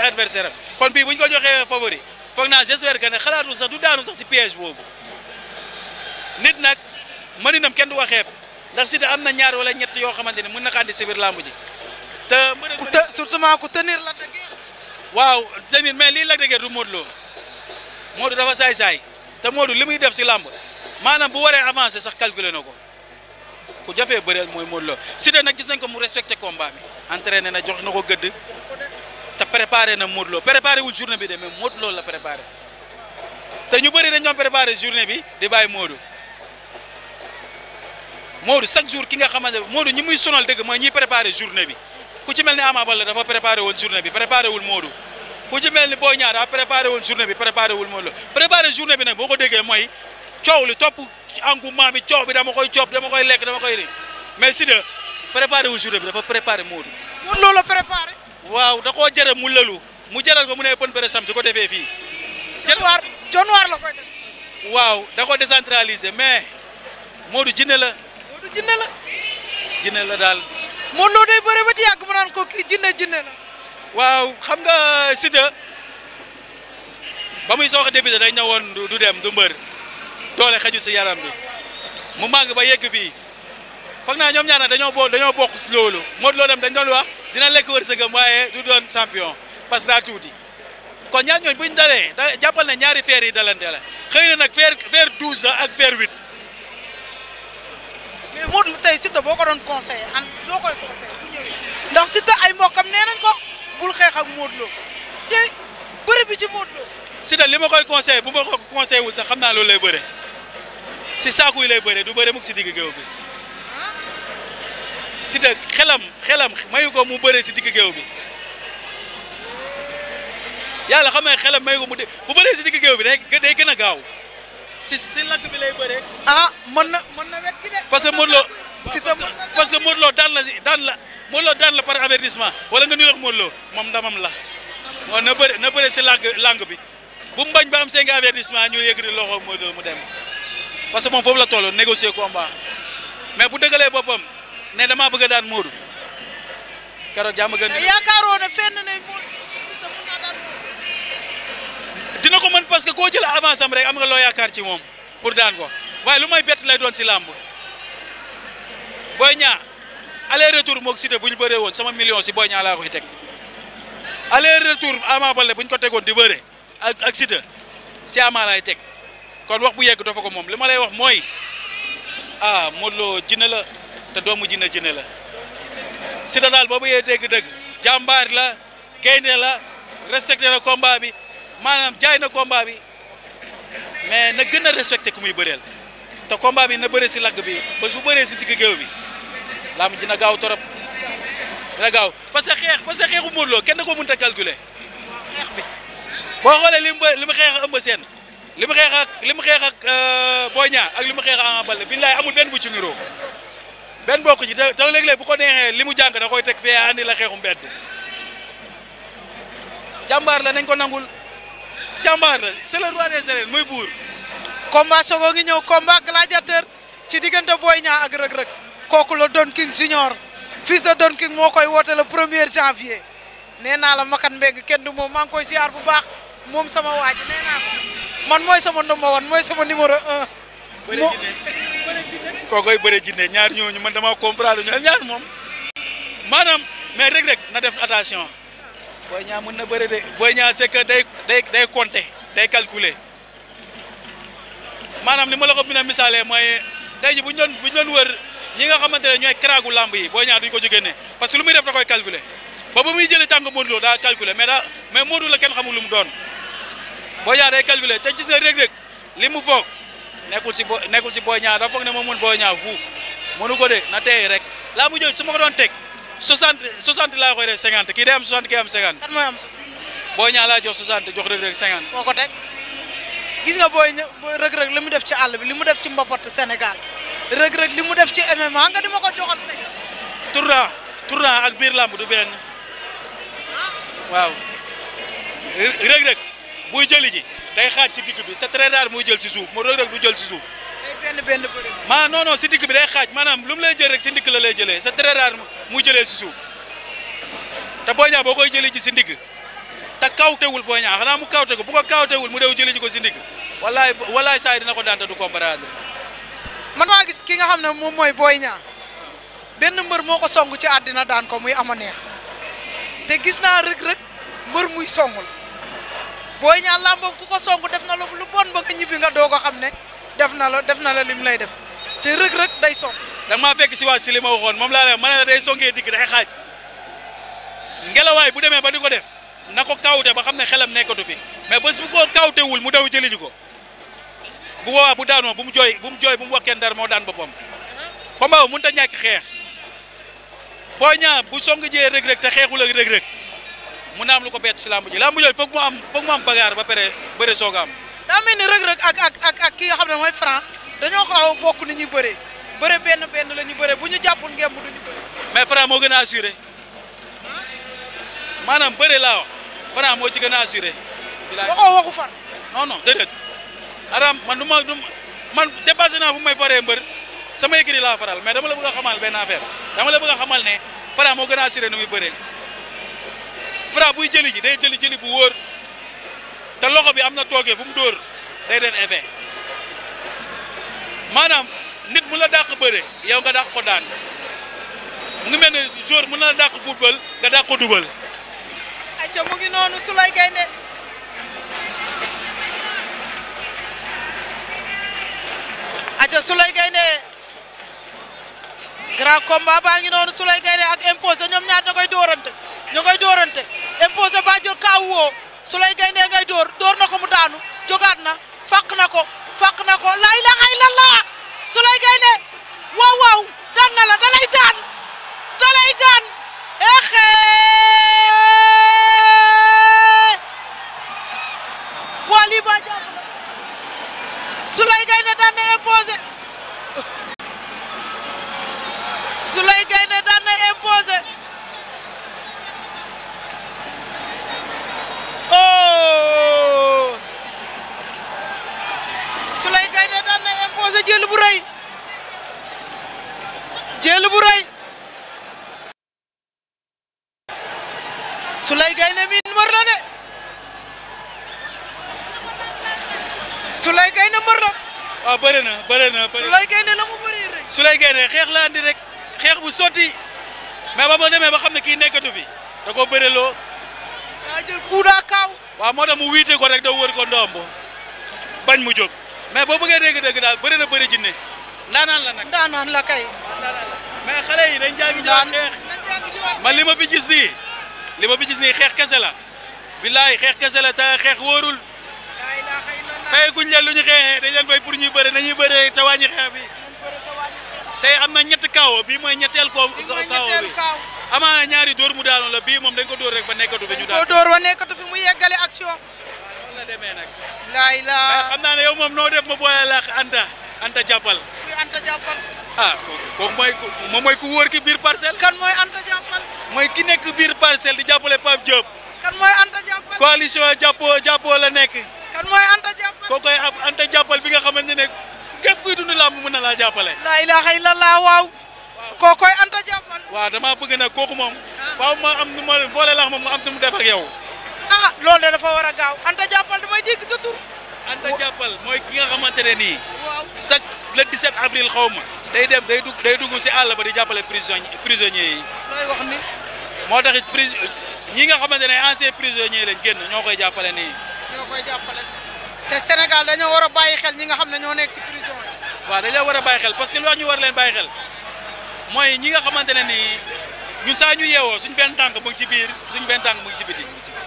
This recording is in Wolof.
adversaire am kon bii bu ñu ko joxee favori foog naa j'espère que ne xalaatul sax du daanu sax si piège boobu nit nag mëninam kenn du ko xeeb ndax Siteu am na ñaar wala ñett yoo xamante ne mën na ko andi si biir làmb ji te. ku te surtout ku tenir la de waaw tenir mais lii lag de guerre du Modou Lo Modou dafa saay-saay te Modou li muy def si làmb maanaam bu waree avancer sax calculer na ko. ku jafee bëre mooy Modou Lo Siteu nag gis nañ ko mu respecté combat bi entraîné na jox na ko gëdd te préparé na Modou Lo préparé wul journée bi de mais Modou Lo la préparé te ñu bëri dañ doon préparé journée bi di bàyyi Modou Modou chaque jour ki nga xamante ne Modou ñi muy sonal dëgg mooy ñi préparé journée bi ku ci mel ni Ama Baldé dafa préparé woon journée bi préparé wul Modou ku ci mel ni Boy Niang daa préparé bi préparé wul Modou Lo préparé journée bi nag boo ko déggee mooy coow li topp engouement bi coow bi dama koy coob dama koy lekk dama koy ri mais si de préparé wul journée bi dafa préparé Modou. Modou Lo la préparé. waaw da koo jërëm mu lëlu mu jëral ko mu ne bonne presse am di ko defee fii. jërëjëf jonwaar la koy waaw da ko décentraliser mais Modou jinne la. Modou la. jinne la daal. moo Lo day bëre ba ci yàgg mu naan ko kii jinne jinne la. waaw xam nga Siteu ba muy soog a débuté day ñëwoon du dem du mbër doole xëju si yaram bi mu màgg ba yegg fii foog naa ñoom ñaar dañoo boo dañoo bokk si loolu Modou Lo dem dañ doon wax. dina lekk wërsëgam waaye du doon champion parce que daa tuuti ko ñaar bu ñu dalee da jàppal na ñaari feer yi dalante la xëy na nag feer feer douze ak feer huit. mais Modou tey Siteu boo ko doon conseillé an loo koy conseillé bu ñëwee ndax Siteu ay mbokkam nee nañ ko bul xeex ak Modou Lo te bëri bi si Modou Lo. Siteu li ma koy conseillé bu ma ko conseillé wul sax xam naa loolu lay bëre si saaku yi lay bëre du bëre mukk si digg bi. Siteu xelam xelam mayu ko mu bëree si digg géew bi yàlla xam ne xelam mayu ko mu de bu bëree si digg géew bi day day gën a gaaw si si lakk bi lay bëree. ah mën na mën na parce que Modou Lo Siteu parce que Modou Lo daan la si la par avertissement wala nga niroog Modou Lo moom ndamam la moo na bëri na bëri si langue langue bi bu mu bañ ba am cinq avertissement ñu yëg di loxo Modou Lo mu dem parce que moom foofu la toll négocier combat mais bu dëggalee boppam. ne damaa bëgg daan Modou keroog jàmm gën. dina ko mën parce que koo jël avance am rek am nga loo yaakaar ci moom pour daan ko waaye lu may bet lay doon si làmb Boy Niang aller retour moog Siteu bu ñu bëree woon sama million si Boy Niang laa koy teg aller retour Ama Baldé bu ñu ko tegoon di bëre ak ak Siteu si Ama laay teg kon wax bu yegg dafa ko moom li ma lay wax mooy ah Modou Lo la. te doomu jinne jinne la Siteu daal boobu yee dégg-dégg jàmbaar la gaynde la respecté na combat bi maanaam jaay na komba bi mais na gën a respecté ku muy bëreel te combat bi na bëree si lagg bi bés bu bëree si digg géew bi laam dina gaaw torop dina gaaw parce que xeex parce que xeexu Modou Lo kenn ko mënta calculer xeex bi boo xoolee li mu li ëmb seen li mu xeex ak li mu xeex ak euh, Boy ak li mu xeex ak Ama Baldé billaay amul benn bu ci niroo benn bokk ci te léeg-léeg bu ko neexee li mu jàng da koy teg fee andi la xeexum bedd jàmbaar la nañ ko nangul jàmbaar la c'est le roi des arènes muy buur. combat sogo ngi ñëw combat gladiateur ci diggante Boy Niang ak Reug kooku la Don King Junior de Don King moo koy woote le premier janvier nee naa la Makan Mbeng kenn du moom maa ngi koy ziar bu baax moom sama waaj man mooy sama ndomba wan sama numéro kookoy bëre jinne ñaar ñu man dama comprendre ñoom ñaar moom maanaam mais Reug Reug na def attention Boy Niang mën na bëre de Boy Niang c'est que day day day compter day calculer maanaam ni ma la ko a misaalee mooy tey ji bu ñu doon bu ñu doon wër ñi nga xamante ne ñooy kraagu lamb yi Boy ñaar duñ ko jógee parce que lu muy def da koy calculer ba ba muy jëlee tàng Modou Lo daa calculer mais daa mais Modou la kenn lu mu doon Boy Niang day calculer te gis na Reug Reug li mu foog. nekkul ci bo nekkul ci Boy Niang dafa foog ne moo mun Boy Niang fuuf mënu ko de na tey rek laa mu jël su ma ko doon teg 60 60 laa koy def 50 kii day am 60 kii am 50. kan mooy am 60. Boy Niang laa jox 60 jox Reug Reug 50. foo ko teg gis nga Boy Niang Reug Reug li mu def ci àll bi li mu def ci mbapat senegal Reug Reug li mu def ci MMA nga di ma ko joxoon tey. ak biir lamb du benn ah. waaw Reug Reug buy jëli ji. day xaaj ci digg bi sa très rare muy jël si suuf mu Reug Reug du jël ci suuf. day benn benn bëri. maa si digg bi day xaaj maanaam lu mu lay jël rek si ndigg la lay jëlee c'est très rare jëlee si suuf te Boy Niang boo koy jëlee ji si ndigg te kawtewul Boy Niang xanaa mu kawute ko bu ko wul mu dew jëlee ji ko si ndigg wallaay wallaay saa yi dina ko daan te du comprendre. man maa gis ki nga xam ne moom mooy Boy ñaa benn mbër moo ko songu ci àddina daan ko muy ama neex te gis naa Reug Reug mbër muy songul. booy ñaar làmboom ku ko songu def na la lu bon ba nga ñibbi nga doo ko xam ne def na la def na la lim lay def te rëg-rëg day song da maa fekk si waa si li ma waxoon moom laa la ma ne la day songee digg day xaaj ngelawaay bu demee ba di ko def na ko kawte ba xam ne xelam nekkatu fi mais bés bu ko kawtewul mu daw jëliñu ko bu boobaa bu daanoo bu mu jooy bu mu jooy bu mu wax kenn dara moo daan boppam combat mënut a ñàkk xeex boo ñaa bu song jee rëg-rëg te xeexul ak rëg mun na am lu ko bett si làmb ji làmb yooyu foog mu am foog mu am bagaar ba pare bëre soog a am. daa mel ni rëg ak ki nga xam ne mooy franc dañoo xaw a bokk ni ñuy bëree bëre benn benn la ñu bëree bu ñu jàppul ngemb du ñu bëree. mais franc moo gën a assuré maanaam bëre laa wax franc moo ci gën a assuré. waxoo waxu far. non non déedéet. man du ma du man dépassé naa fu may faree mbër sama écrit laa faral mais dama la bëgg a xamal benn dama le bëgg a xamal ne franc moo gën a assuré nu Fra buy jëli ji day jëli jëli bu wóor te loxo bi am na toogee fu mu dóor day def maanaam nit mu la dàq bëre yow nga dàq ko daan mu ngi mel ne jour mën na dàq football nga dàq ko dugal. ayca mu ngi noonu su lay gaynde ayca su lay gaynde grand combat baa ngi su lay gaynde ak imposé ñoom ñaar ña koy dóorante. ñu ngay dóorante imposé ba jël kaawoo su lay gayndee ngay dóor dóor ko mu daanu jogaat na fàq na ko fàq na ko la ilaha illallah su lay gayndee waaw waaw la dalay daan dalay daan Souley Gaynde mbër la. Ah, na bëri na bëri na Souley Gaynde la mu xeex la andi rek xeex bu soti mais ba ma demee ba xam ne kii nekkatu fi da koo bëreloo. daa jël coup kaaw. waaw moo tax mu wiite ko rek da wër ko ndombo bañ mu jóg mais boo bëggee dégg-dégg daal bëri na bëri jinne ndaanaan la nag. ndaanaan la kay. mais yi dañ jàngi jiwaat xeex man li ma fi gis nii li ma fi xeex kese la billaay xeex kese la te xeex wóorul fayaguñ leen lu ñu xeexee dañ leen fay pour ñuy bëre nañuy bëree te am na ñetti kaawo bii mooy ñetteel koo kaawo bi amaana ñaari door mu daanoon la bii moom dañ ko dóor rek ba nekkatu fi ñu daan dóor ba nekkatu fi mu yeggale action la demee nag laay la na yow moom noo def ma boolee laax anta anta jàppal kuy ah, mooy moom mooy ku wóor ki biir parcelle kan mooy anta jàppal mooy ki nekk biir parcelle di jàppale Pape Diop kan mooy anta jàppal coalition jàppoo jàppoo la nekk kan mooy Anta Jàppal kooku ay Anta Jàppal bi nga xamante ne képp kuy dund làmb mën na laa jàppale. laa ilaaha illallaah waaw. kookoy Anta Jàppal. waaw damaa bëgg na kooku moom. Ah. faaw ma am nu ma boole laax moom mu am nu mu def ak yow. Ah, loolu de dafa war a gaaw Anta Jàppal damay dégg sa tur. Anta Jàppal mooy ki nga xamante ne nii. waaw chaque le 17 avril xaw ma. day dem day dugg day dugg si àll ba di jàppale prison prisonniers yi. looy wax ni. moo tax it pris ñi nga xamante ne ancien prisonniers lañ génn ñoo koy jàppale nii. koy jàppale te Sénégal dañoo war a bàyyi xel ñi nga xam ne ñoo nekk ci prison yi. waaw dañoo war a bàyyi xel parce que lu wax ñu war leen bàyyi xel mooy ñi nga xamante ne nii ñun saa ñu yeewoo suñ benn tànk mu ngi ci biir suñ mu ngi ci biti.